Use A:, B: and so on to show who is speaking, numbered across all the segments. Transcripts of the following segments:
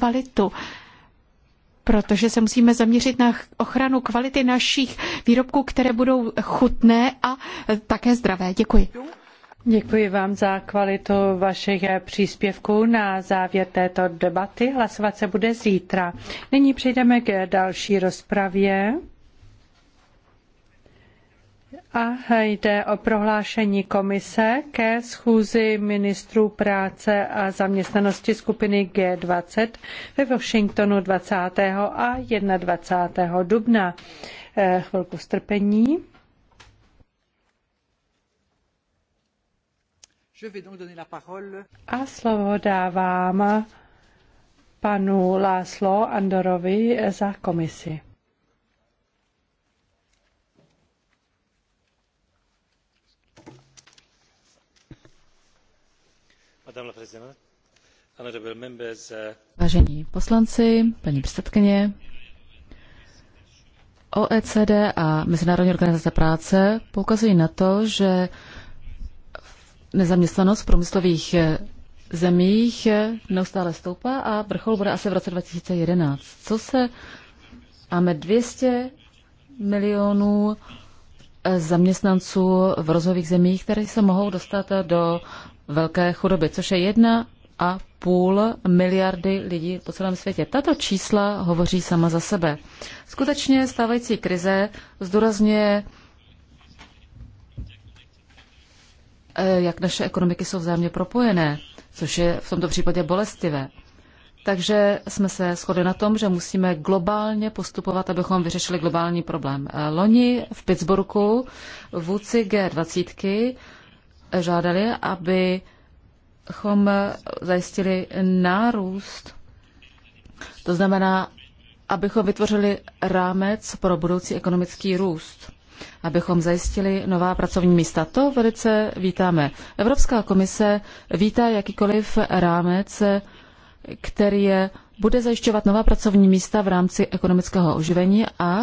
A: kvalitu protože se musíme zaměřit na ochranu kvality našich výrobků, které budou chutné a také zdravé. Děkuji. Děkuji
B: vám za kvalitu vašich příspěvků. Na závěr této debaty hlasovat se bude zítra. Nyní přejdeme k další rozpravě. A jde o prohlášení komise ke schůzi ministrů práce a zaměstnanosti skupiny G20 ve Washingtonu 20. a 21. dubna. Eh, chvilku strpení. A slovo dávám panu Láslo Andorovi za komisi.
A: Uh,
C: Vážení poslanci, paní předsedkyně, OECD a Mezinárodní organizace práce poukazují na to, že nezaměstnanost v průmyslových eh, zemích eh, neustále stoupá a vrchol bude asi v roce 2011. Co se máme 200 milionů eh, zaměstnanců v rozvojových zemích, které se mohou dostat do velké chudoby, což je jedna a půl miliardy lidí po celém světě. Tato čísla hovoří sama za sebe. Skutečně stávající krize zdůrazňuje, eh, jak naše ekonomiky jsou vzájemně propojené, což je v tomto případě bolestivé. Takže jsme se shodli na tom, že musíme globálně postupovat, abychom vyřešili globální problém. Eh, loni v Pittsburghu vůdci G20 žádali, abychom zajistili nárůst. To znamená, abychom vytvořili rámec pro budoucí ekonomický růst, abychom zajistili nová pracovní místa. To velice vítáme. Evropská komise vítá jakýkoliv rámec, který je bude zajišťovat nová pracovní místa v rámci ekonomického oživení a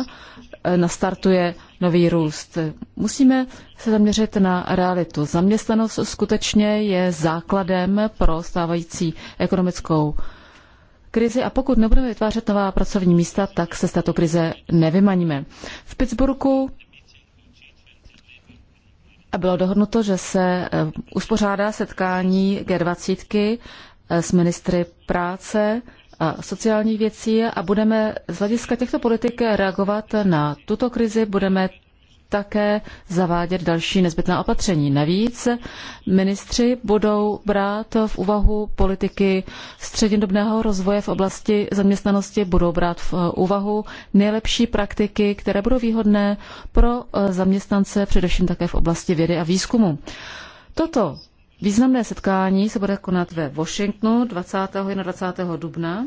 C: e, nastartuje nový růst. Musíme se zaměřit na realitu. Zaměstnanost skutečně je základem pro stávající ekonomickou krizi a pokud nebudeme vytvářet nová pracovní místa, tak se z této krize nevymaníme. V Pittsburghu bylo dohodnuto, že se e, uspořádá setkání G20 e, s ministry práce a sociálních věcí a budeme z hlediska těchto politik reagovat na tuto krizi, budeme také zavádět další nezbytná opatření. Navíc ministři budou brát v úvahu politiky střednědobného rozvoje v oblasti zaměstnanosti, budou brát v úvahu nejlepší praktiky, které budou výhodné pro zaměstnance, především také v oblasti vědy a výzkumu. Toto Významné setkání se bude konat ve Washingtonu 20. a 21. dubna.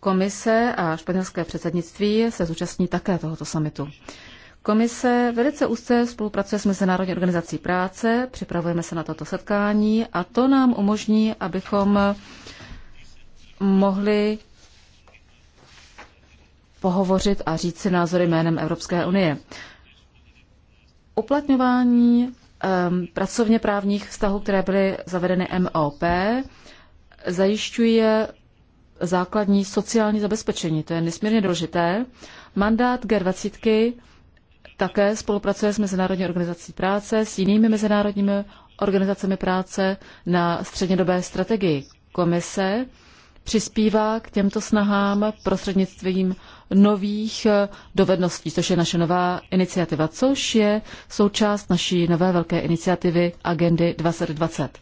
C: Komise a španělské předsednictví se zúčastní také tohoto samitu. Komise velice úzce spolupracuje s Mezinárodní organizací práce, připravujeme se na toto setkání a to nám umožní, abychom mohli pohovořit a říct si názory jménem Evropské unie. Uplatňování Um, pracovně právních vztahů, které byly zavedeny MOP, zajišťuje základní sociální zabezpečení. To je nesmírně důležité. Mandát G20 také spolupracuje s Mezinárodní organizací práce, s jinými mezinárodními organizacemi práce na střednědobé strategii. Komise přispívá k těmto snahám prostřednictvím nových eh, dovedností, což je naše nová iniciativa, což je součást naší nové velké iniciativy Agendy 2020.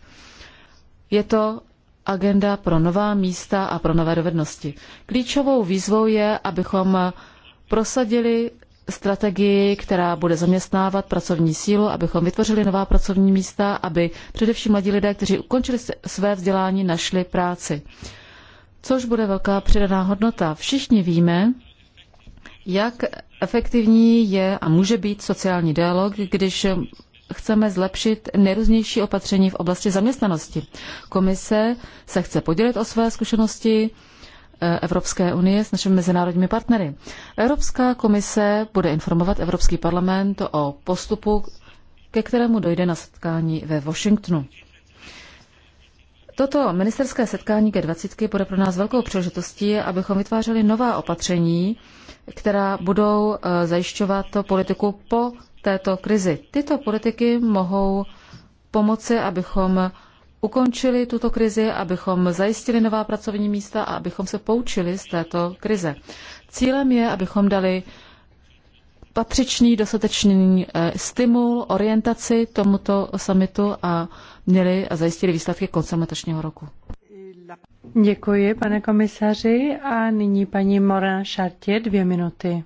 C: Je to agenda pro nová místa a pro nové dovednosti. Klíčovou výzvou je, abychom eh, prosadili strategii, která bude zaměstnávat pracovní sílu, abychom vytvořili nová pracovní místa, aby především mladí lidé, kteří ukončili své vzdělání, našli práci což bude velká přidaná hodnota. Všichni víme, jak efektivní je a může být sociální dialog, když chceme zlepšit nejrůznější opatření v oblasti zaměstnanosti. Komise se chce podělit o své zkušenosti eh, Evropské unie s našimi mezinárodními partnery. Evropská komise bude informovat Evropský parlament o postupu, ke kterému dojde na setkání ve Washingtonu. Toto ministerské setkání ke 20 bude pro nás velkou příležitostí, abychom vytvářeli nová opatření, která budou eh, zajišťovat politiku po této krizi. Tyto politiky mohou pomoci, abychom ukončili tuto krizi, abychom zajistili nová pracovní místa a abychom se poučili z této krize. Cílem je, abychom dali patřičný dostatečný eh, stimul, orientaci tomuto samitu a měli a zajistili výsledky koncem letošního roku.
B: Děkuji, pane komisaři. A nyní paní Morin Šartě, dvě minuty.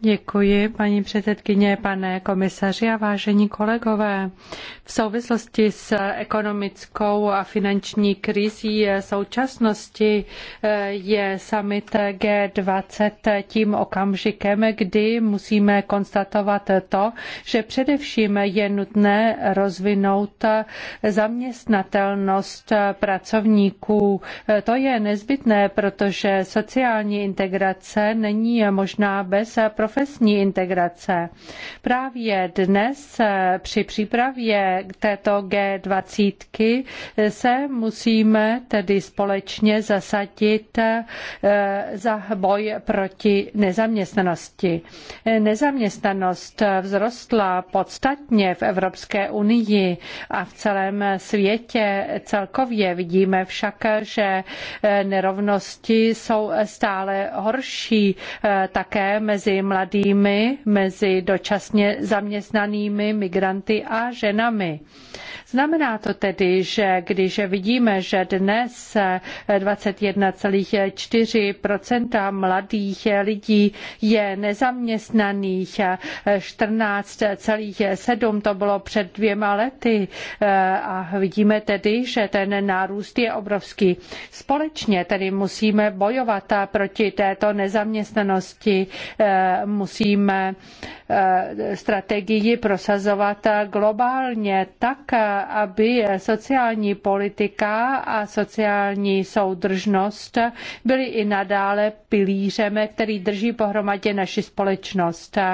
B: Děkuji, paní předsedkyně, pane komisaři a vážení kolegové. V souvislosti s ekonomickou a finanční krizí současnosti eh, je summit G20 tím okamžikem, kdy musíme konstatovat to, že především je nutné rozvinout zaměstnatelnost pracovníků. To je nezbytné, protože sociální integrace není možná bez prof profesní integrace. Právě dnes eh, při přípravě této G20 eh, se musíme tedy společně zasadit eh, za boj proti nezaměstnanosti. Nezaměstnanost vzrostla podstatně v Evropské unii a v celém světě celkově. Vidíme však, že nerovnosti jsou stále horší také mezi mladými mladými, mezi dočasně zaměstnanými migranty a ženami. Znamená to tedy, že když vidíme, že dnes 21,4 mladých lidí je nezaměstnaných, 14,7 to bylo před dvěma lety a vidíme tedy, že ten nárůst je obrovský. Společně tedy musíme bojovat proti této nezaměstnanosti, musíme eh, strategii prosazovat globálně tak, aby sociální politika a sociální soudržnost byly i nadále pilířem, který drží pohromadě naši společnost. E,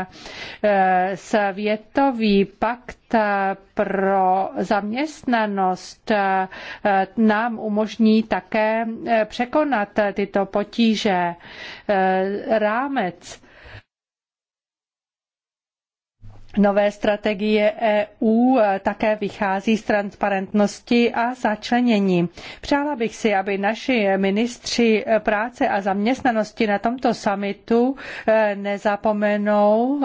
B: světový pakt pro zaměstnanost e, nám umožní také e, překonat tyto potíže. Rámec Nové strategie EU eh, také vychází z transparentnosti a začlenění. Přála bych si, aby naši ministři eh, práce a zaměstnanosti na tomto summitu eh, nezapomenou,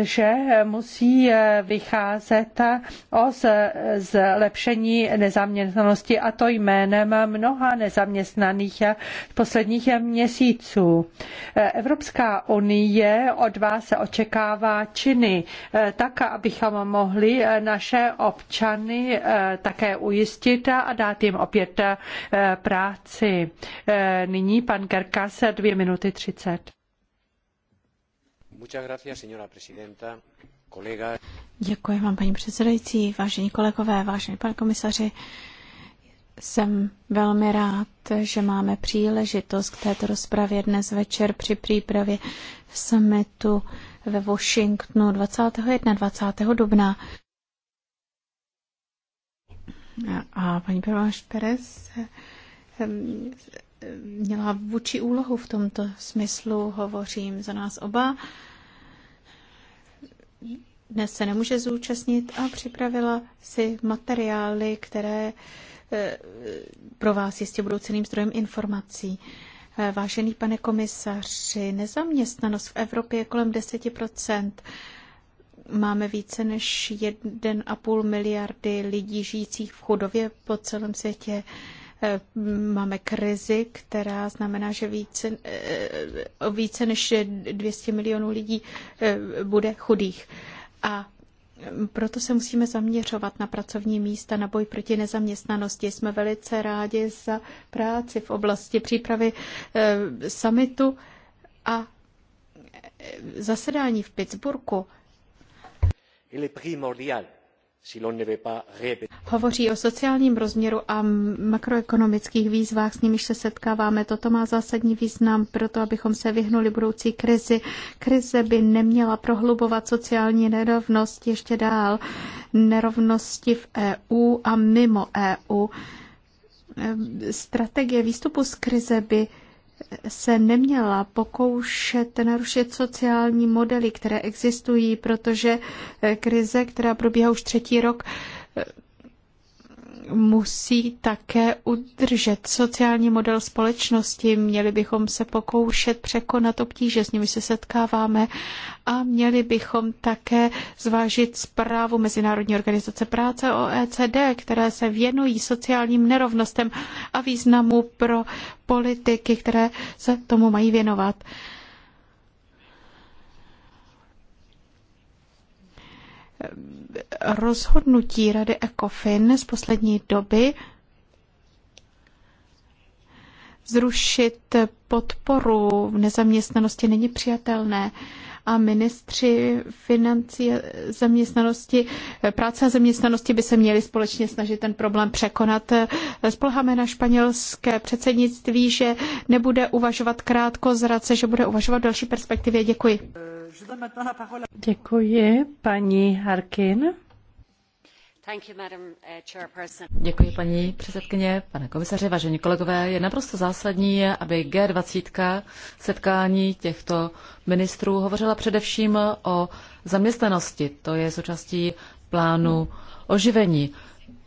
B: že musí vycházet o zlepšení nezaměstnanosti a to jménem mnoha nezaměstnaných v posledních měsíců. Evropská unie od vás očekává činy Eh, tak abychom mohli eh, naše občany eh, také ujistit a dát jim opět práci. Nyní pan Gerkas, dvě minuty třicet.
A: Děkuji vám, paní předsedající, vážení kolegové, vážený pane komisaři. Jsem velmi rád, že máme příležitost k této rozpravě dnes večer při přípravě summitu ve Washingtonu 21. 20. dubna. A paní Pervanš Perez ehm, měla vůči úlohu v tomto smyslu, hovořím za nás oba. Dnes se nemůže zúčastnit a připravila si materiály, které eh, pro vás jistě budou ceným zdrojem informací. Eh, vážený pane komisaři, nezaměstnanost v Evropě je kolem 10 Máme více než 1,5 miliardy lidí žijících v chudově po celém světě. Eh, máme krizi, která znamená, že více, eh, více než 200 milionů lidí bude chudých. A proto se musíme zaměřovat na pracovní místa, na boj proti nezaměstnanosti. Jsme velice rádi za práci v oblasti přípravy eh, summitu a eh, zasedání v Pittsburghu. Il Hovoří o sociálním rozměru a makroekonomických výzvách, s nimiž se setkáváme. Toto má zásadní význam pro to, abychom se vyhnuli budoucí krizi. Krize by neměla prohlubovat sociální nerovnost ještě dál, nerovnosti v EU a mimo EU. Ehm, strategie výstupu z krize by se neměla pokoušet narušit sociální modely, které existují, protože eh, krize, která probíhá už třetí rok, eh, musí také udržet sociální model společnosti. Měli bychom se pokoušet překonat obtíže, s nimi se setkáváme a měli bychom také zvážit zprávu Mezinárodní organizace práce OECD, které se věnují sociálním nerovnostem a významu pro politiky, které se tomu mají věnovat. rozhodnutí Rady ECOFIN z poslední doby zrušit podporu v nezaměstnanosti není přijatelné a ministři financí zaměstnanosti, práce a zaměstnanosti by se měli společně snažit ten problém překonat. Spolháme na španělské předsednictví, že nebude uvažovat krátko zrace, že bude uvažovat další perspektivě. Děkuji. Děkuji, paní Harkin.
C: Uh, Děkuji, paní předsedkyně, pane komisaři, vážení kolegové. Je naprosto zásadní, aby G20 setkání těchto ministrů hovořila především o zaměstnanosti. To je součástí plánu oživení.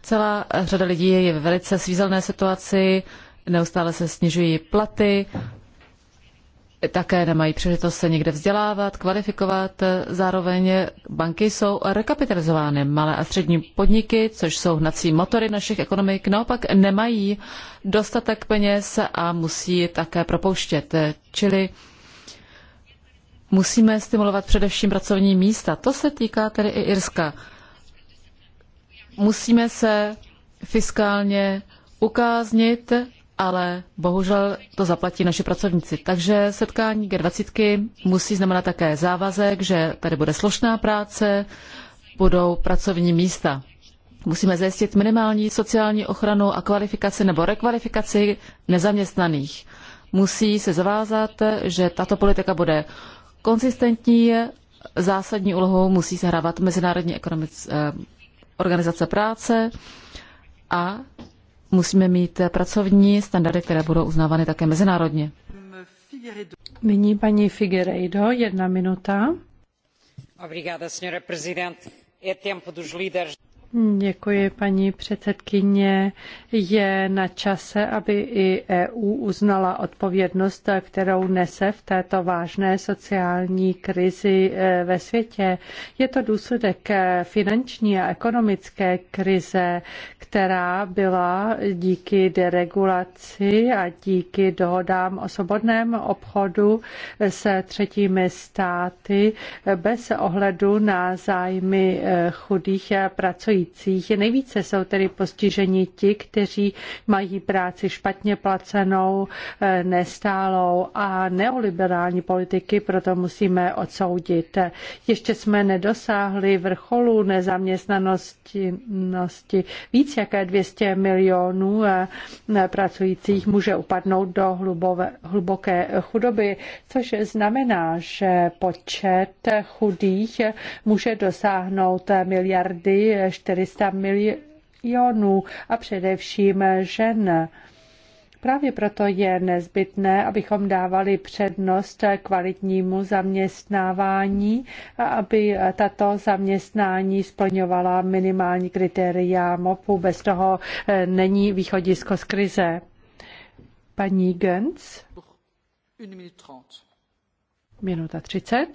C: Celá řada lidí je ve velice svízelné situaci, neustále se snižují platy, také nemají příležitost se někde vzdělávat, kvalifikovat. Zároveň banky jsou rekapitalizovány. Malé a střední podniky, což jsou hnací motory našich ekonomik, naopak nemají dostatek peněz a musí také propouštět. Čili musíme stimulovat především pracovní místa. To se týká tedy i Irska. Musíme se fiskálně ukáznit ale bohužel to zaplatí naši pracovníci. Takže setkání G20 musí znamenat také závazek, že tady bude složná práce, budou pracovní místa. Musíme zajistit minimální sociální ochranu a kvalifikaci nebo rekvalifikaci nezaměstnaných. Musí se zavázat, že tato politika bude konsistentní, zásadní úlohou musí sehrávat Mezinárodní ekonomic, eh, organizace práce a musíme mít pracovní standardy, které budou uznávány také mezinárodně.
B: Nyní paní Figueiredo, jedna minuta. Děkuji, paní předsedkyně. Je na čase, aby i EU uznala odpovědnost, kterou nese v této vážné sociální krizi e, ve světě. Je to důsledek e, finanční a ekonomické krize, která byla díky deregulaci a díky dohodám o svobodném obchodu e, se třetími státy bez ohledu na zájmy chudých pracujících pracujících. Nejvíce jsou tedy postiženi ti, kteří mají práci špatně placenou, eh, nestálou a neoliberální politiky proto musíme odsoudit. Ještě jsme nedosáhli vrcholu nezaměstnanosti. Víc jaké 200 milionů eh, pracujících může upadnout do hluboké chudoby, což znamená, že počet chudých může dosáhnout miliardy 400 milionů a především žen. Právě proto je nezbytné, abychom dávali přednost kvalitnímu zaměstnávání a aby tato zaměstnání splňovala minimální kritéria MOPu. Bez toho není východisko z krize. Paní Gens? Minuta 30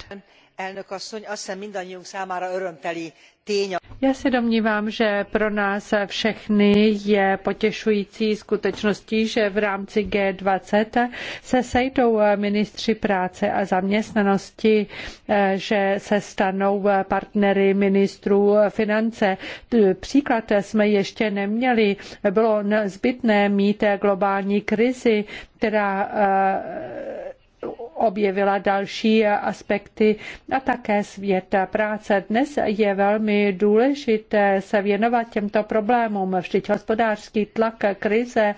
B: já se domnívám že pro nás všechny je potěšující skutečností že v rámci g twenty se sejdou ministři práce a zaměstnanosti že se stanou partnery ministrů finance. příklad jsme ještě neměli bylo nezbytné mít globální krizi která objevila další aspekty a také svět práce. Dnes je velmi důležité se věnovat těmto problémům. Vždyť hospodářský tlak krize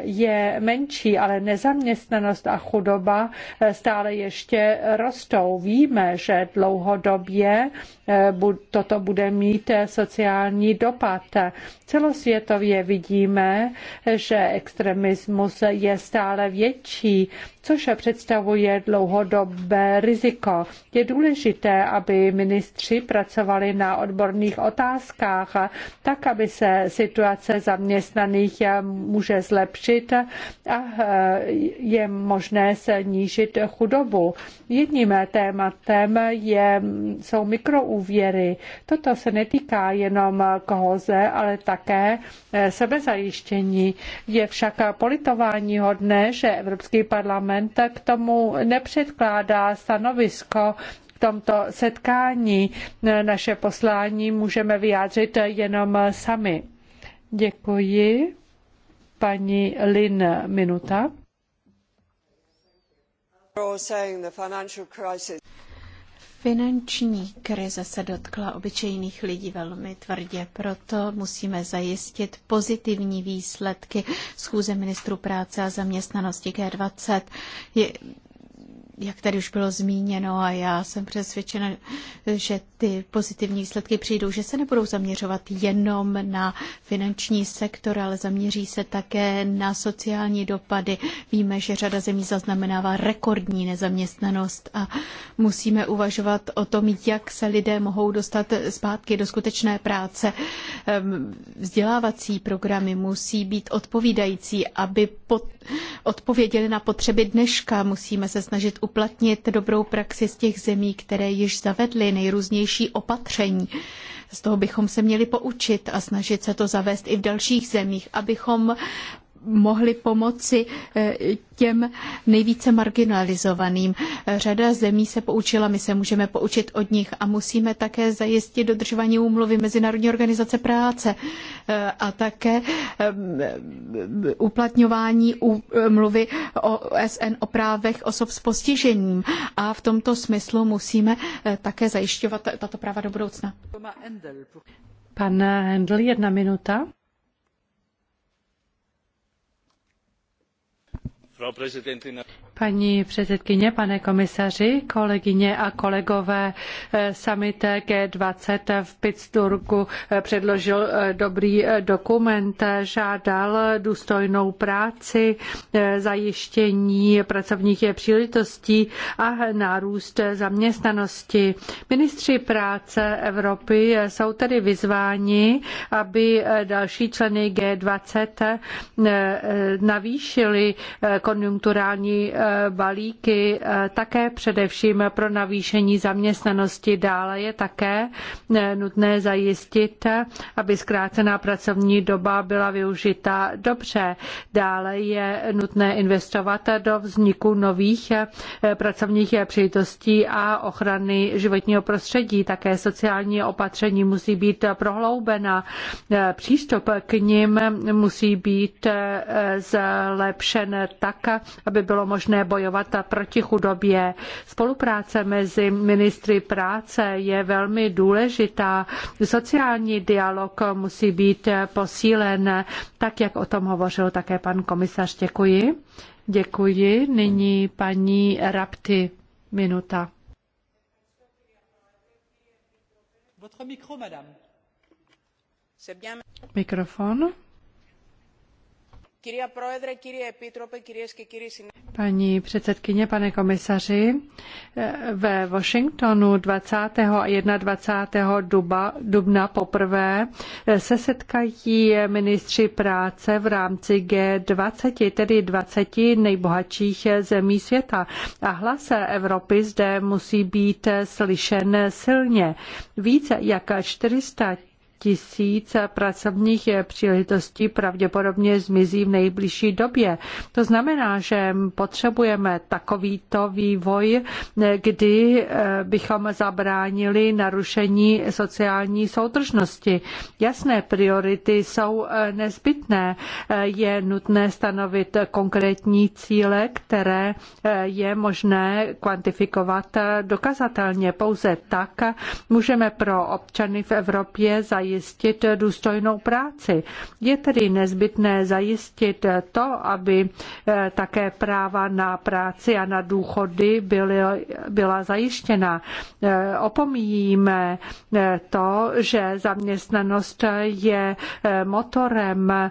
B: je menší, ale nezaměstnanost a chudoba stále ještě rostou. Víme, že dlouhodobě toto bude mít sociální dopad. Celosvětově vidíme, že extremismus je stále větší, což představuje představuje dlouhodobé riziko. Je důležité, aby ministři pracovali na odborných otázkách, tak aby se situace zaměstnaných může zlepšit a je možné snížit chudobu. Jedním tématem je, jsou mikroúvěry. Toto se netýká jenom kohoze, ale také sebezajištění. Je však politování hodné, že Evropský parlament k tomu tomu nepředkládá stanovisko k tomto setkání. Naše poslání můžeme vyjádřit jenom sami. Děkuji. Paní Lin,
A: minuta Finanční krize se dotkla obyčejných lidí velmi tvrdě, proto musíme zajistit pozitivní výsledky schůze ministrů práce a zaměstnanosti G20. Je, jak tady už bylo zmíněno a já jsem přesvědčena, že ty pozitivní výsledky přijdou, že se nebudou zaměřovat jenom na finanční sektor, ale zaměří se také na sociální dopady. Víme, že řada zemí zaznamenává rekordní nezaměstnanost a musíme uvažovat o tom, jak se lidé mohou dostat zpátky do skutečné práce. Ehm, vzdělávací programy musí být odpovídající, aby pod, odpověděli na potřeby dneška. Musíme se snažit uplatnit dobrou praxi z těch zemí, které již zavedly nejrůznější opatření. Z toho bychom se měli poučit a snažit se to zavést i v dalších zemích, abychom mohli pomoci eh, těm nejvíce marginalizovaným. Řada zemí se poučila, my se můžeme poučit od nich a musíme také zajistit dodržování úmluvy Mezinárodní organizace práce eh, a také eh, uplatňování úmluvy OSN o právech osob s postižením. A v tomto smyslu musíme také zajišťovat tato práva do budoucna. Pan Hendl, jedna minuta. frau präsidentin!
B: Paní předsedkyně, pane komisaři, kolegyně a kolegové, eh, summit G20 v Pittsburghu eh, předložil eh, dobrý dokument, žádal důstojnou práci, zajištění pracovních příležitostí a nárůst zaměstnanosti. Ministři práce Evropy jsou tedy vyzváni, aby další členy G20 navýšili konjunkturální balíky eh, také především pro navýšení zaměstnanosti. Dále je také eh, nutné zajistit, aby zkrácená pracovní doba byla využita dobře. Dále je nutné investovat do vzniku nových eh, pracovních příležitostí a ochrany životního prostředí. Také sociální opatření musí být prohloubena. Přístup k nim musí být zlepšen tak, aby bylo možné nutné bojovat proti chudobě. Spolupráce mezi ministry práce je velmi důležitá. Sociální dialog musí být posílen, tak jak o tom hovořil také pan komisař. Děkuji. Děkuji. Nyní paní Rapti. Minuta. Mikrofon. Paní předsedkyně, pane komisaři, ve Washingtonu 20. a 21. Duba, dubna poprvé se setkají ministři práce v rámci G20, tedy 20 nejbohatších zemí světa. A hlas Evropy zde musí být slyšen silně. Více jak 400 tisíc pracovních příležitostí pravděpodobně zmizí v nejbližší době. To znamená, že potřebujeme takovýto vývoj, kdy eh, bychom zabránili narušení sociální soudržnosti. Jasné priority jsou eh, nezbytné. Eh, je nutné stanovit konkrétní cíle, které je možné kvantifikovat dokazatelně. Pouze tak můžeme pro občany v Evropě zajistit zajistit důstojnou práci. Je tedy nezbytné zajistit to, aby eh, také práva na práci a na důchody byly, byla zajištěna. Eh, opomíjíme eh, to, že zaměstnanost je motorem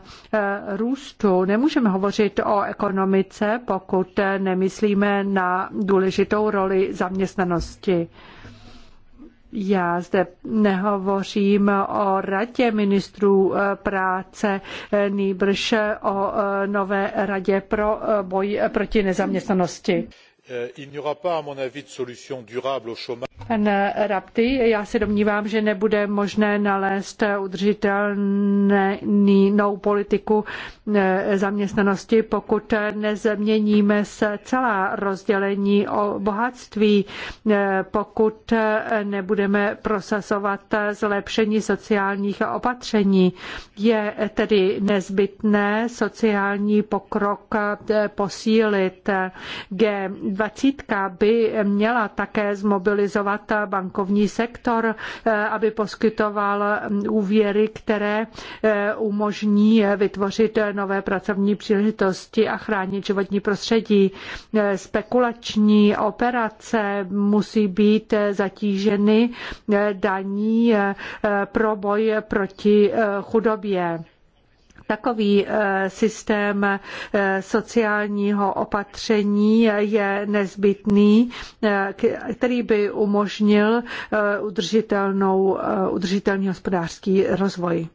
B: růstu. Nemůžeme hovořit o ekonomice, pokud nemyslíme na důležitou roli zaměstnanosti. Já zde nehovořím o radě ministrů eh, práce, eh, nýbrž o eh, nové radě pro boj proti nezaměstnanosti. Eh, il n'y aura pas à mon avis de solution durable au chômage. Pane eh, Rapti, já se domnívám, že nebude možné nalézt udržitelnou politiku eh, zaměstnanosti, pokud nezměníme se celá rozdělení o bohatství, pokud nebudeme prosazovat zlepšení sociálních opatření. Je tedy nezbytné sociální pokrok posílit. G20 dvacítka by měla také zmobilizovat bankovní sektor, eh, aby poskytoval mm, úvěry, které eh, umožní vytvořit nové pracovní příležitosti a chránit životní prostředí. Eh, spekulační operace musí být zatíženy daní pro boj proti chudobě. Takový eh, systém eh, sociálního opatření je nezbytný, eh, který by umožnil udržitelnou, udržitelný hospodářský rozvoj.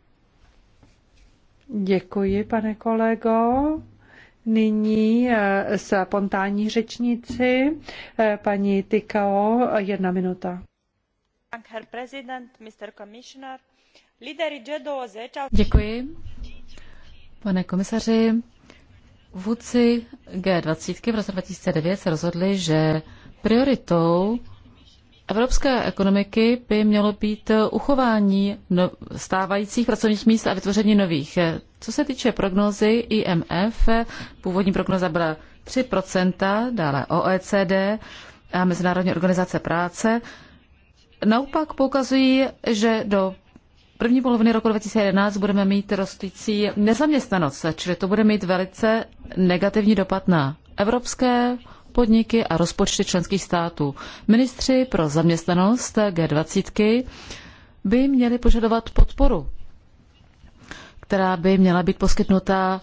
B: Děkuji, pane kolego. Nyní se spontánní řečníci, paní Tykao, jedna minuta.
C: Děkuji, Pane komisaři, vůdci G20 v roce 2009 se rozhodli, že prioritou evropské ekonomiky by mělo být uchování no, stávajících pracovních míst a vytvoření nových. Co se týče prognózy IMF, původní prognoza byla 3%, dále OECD a Mezinárodní organizace práce, naopak poukazují, že do první poloviny roku 2011 budeme mít rostoucí nezaměstnanost, čili to bude mít velice negativní dopad na evropské podniky a rozpočty členských států. Ministři pro zaměstnanost G20 by měli požadovat podporu, která by měla být poskytnuta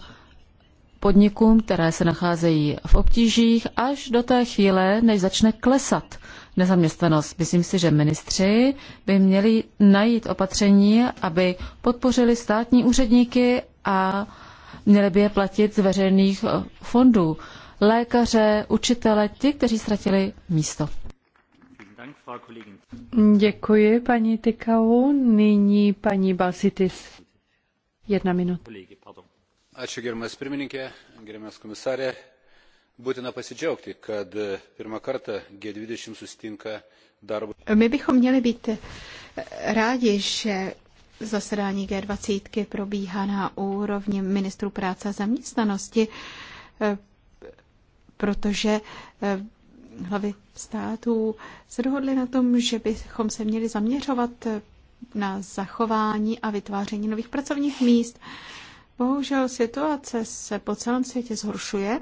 C: podnikům, které se nacházejí v obtížích, až do té chvíle, než začne klesat nezaměstnanost. Myslím si, že ministři by měli najít opatření, aby podpořili státní úředníky a měli by je platit z veřejných eh, fondů. Lékaře, učitele, ti, kteří ztratili místo. Děkuji, paní Tykau. Nyní paní Balsitis.
B: Jedna minuta.
C: Būtina pasidžiaugti, kad pirmą kartą G20 sustinka
A: darbo. My bychom měli být rádi, že zasedání G20 probíhá na úrovni ministrů práce a zaměstnanosti, protože hlavy států se dohodly na tom, že bychom se měli zaměřovat na zachování a vytváření nových pracovních míst. Bohužel situace se po celém světě zhoršuje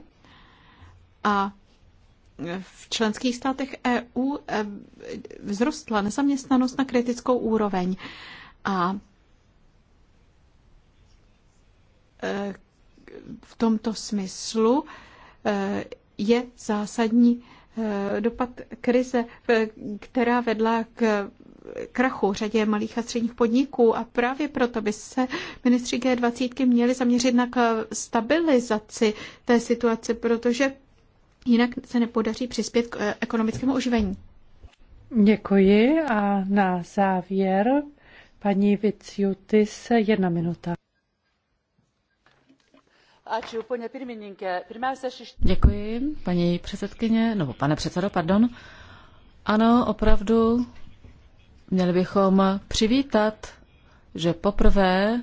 A: a v členských státech EU eh, vzrostla nezaměstnanost na kritickou úroveň. A eh, v tomto smyslu eh, je zásadní dopad krize, která vedla k krachu řadě malých a středních podniků a právě proto by se ministři G20 měli zaměřit na stabilizaci té situace, protože jinak se nepodaří přispět k eh, ekonomickému oživení.
B: Děkuji a na závěr paní Viciutis
C: jedna minuta. Děkuji, paní předsedkyně, nebo pane předsedo, pardon. Ano, opravdu Měli bychom přivítat, že poprvé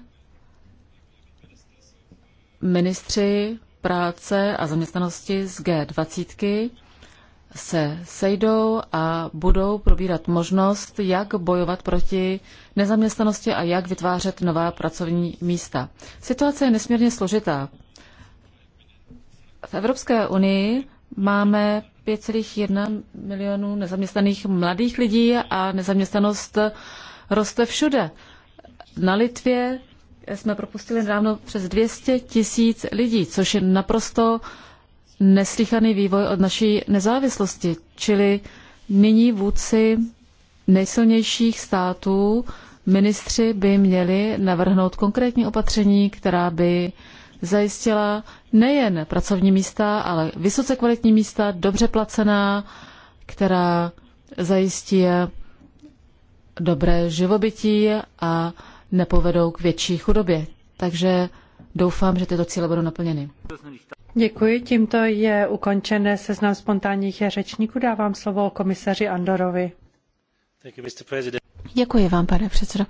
C: ministři práce a zaměstnanosti z G20 se sejdou a budou probírat možnost, jak bojovat proti nezaměstnanosti a jak vytvářet nová pracovní místa. Situace je nesmírně složitá. V Evropské unii máme 5,1 milionů nezaměstnaných mladých lidí a nezaměstnanost roste všude. Na Litvě jsme propustili nedávno přes 200 tisíc lidí, což je naprosto neslychaný vývoj od naší nezávislosti. Čili nyní vůdci nejsilnějších států, ministři by měli navrhnout konkrétní opatření, která by zajistila nejen pracovní místa, ale vysoce kvalitní místa, dobře placená, která zajistí dobré živobytí a nepovedou k větší chudobě. Takže doufám, že tyto cíle budou naplněny. Děkuji,
B: tímto je ukončené seznam spontánních řečníků. Dávám slovo komisaři Andorovi.
A: Děkuji vám, pane předsedo.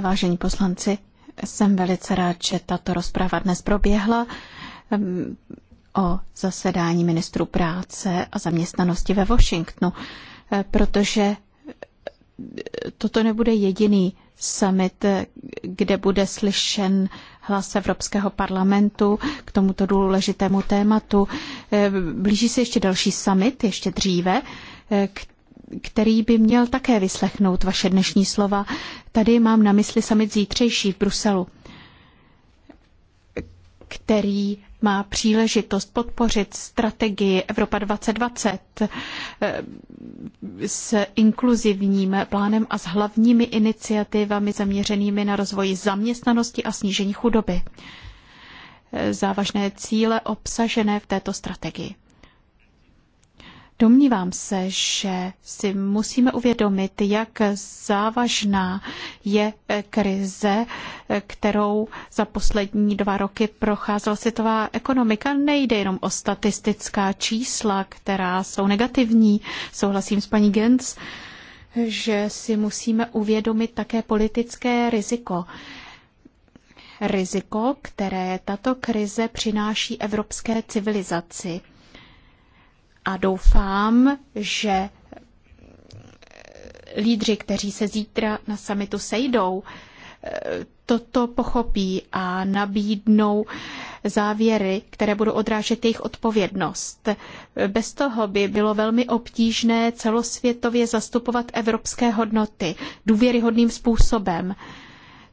A: Vážení poslanci, jsem velice rád, že tato rozprava dnes proběhla ehm, o zasedání ministru práce a zaměstnanosti ve Washingtonu, eh, protože eh, toto nebude jediný summit, eh, kde bude slyšen hlas Evropského parlamentu k tomuto důležitému tématu. Blíží se ještě další summit, ještě dříve, který by měl také vyslechnout vaše dnešní slova. Tady mám na mysli summit zítřejší v Bruselu, který má příležitost podpořit strategii Evropa 2020 eh, s inkluzivním plánem a s hlavními iniciativami zaměřenými na rozvoj zaměstnanosti a snížení chudoby. Eh, závažné cíle obsažené v této strategii. Domnívám se, že si musíme uvědomit, jak závažná je eh, krize, eh, kterou za poslední dva roky procházela světová ekonomika. Nejde jenom o statistická čísla, která jsou negativní. Souhlasím s paní Gens, že si musíme uvědomit také politické riziko. Riziko, které tato krize přináší evropské civilizaci a doufám, že lídři, kteří se zítra na samitu sejdou, toto pochopí a nabídnou závěry, které budou odrážet jejich odpovědnost. Bez toho by bylo velmi obtížné celosvětově zastupovat evropské hodnoty důvěryhodným způsobem.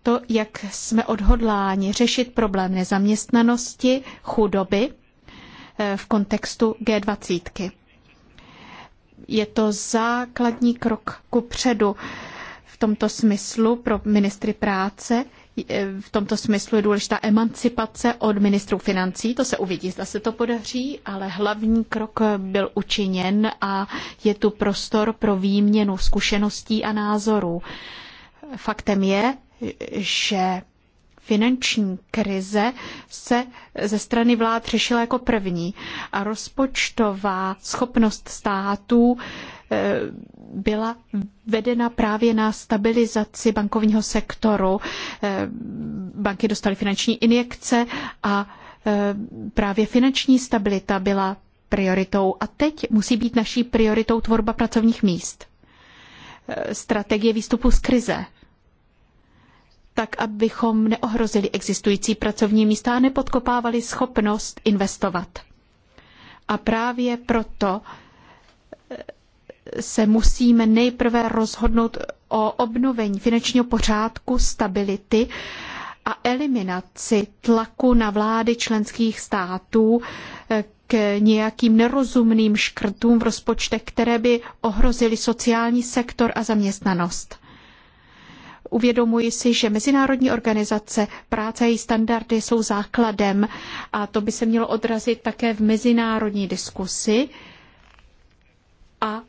A: To, jak jsme odhodláni řešit problém nezaměstnanosti, chudoby, Eh, v kontextu G20. Je to základní krok ku předu v tomto smyslu pro ministry práce. Eh, v tomto smyslu je důležitá emancipace od ministrů financí, to se uvidí, zda se to podaří, ale hlavní krok byl učiněn a je tu prostor pro výměnu zkušeností a názorů. Faktem je, že finanční krize se ze strany vlád řešila jako první a rozpočtová schopnost států eh, byla vedena právě na stabilizaci bankovního sektoru. Eh, banky dostaly finanční injekce a eh, právě finanční stabilita byla prioritou. A teď musí být naší prioritou tvorba pracovních míst. Strategie výstupu z krize tak abychom neohrozili existující pracovní místa a nepodkopávali schopnost investovat. A právě proto eh, se musíme nejprve rozhodnout o obnovení finančního pořádku, stability a eliminaci tlaku na vlády členských států eh, k nějakým nerozumným škrtům v rozpočtech, které by ohrozily sociální sektor a zaměstnanost. Uvědomuji si, že mezinárodní organizace práce a její standardy jsou základem a to by se mělo odrazit také v mezinárodní diskusi. A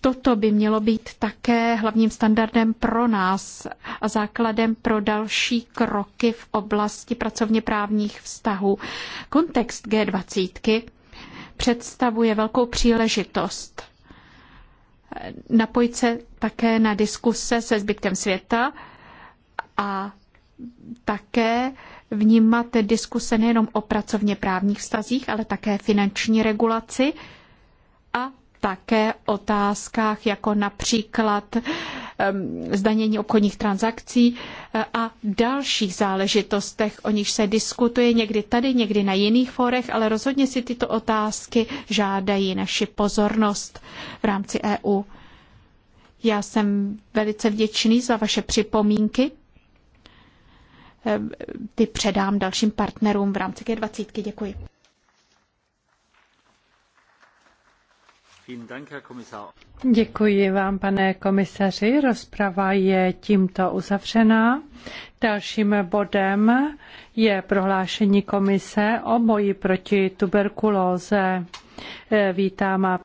A: toto by mělo být také hlavním standardem pro nás a základem pro další kroky v oblasti pracovně právních vztahů. Kontext G20 představuje velkou příležitost napojit se také na diskuse se zbytkem světa a také vnímat diskuse nejenom o pracovně právních vztazích, ale také finanční regulaci také otázkách jako například zdanění obchodních transakcí eh, a dalších záležitostech, o nichž se diskutuje někdy tady, někdy na jiných fórech, ale rozhodně si tyto otázky žádají naši pozornost v rámci EU. Já jsem velice vděčný za vaše připomínky. Ty předám dalším partnerům v rámci G20. Děkuji.
B: Děkuji vám, pane komisaři. Rozprava je tímto uzavřená. Dalším bodem je prohlášení komise o boji proti tuberkulóze. Vítám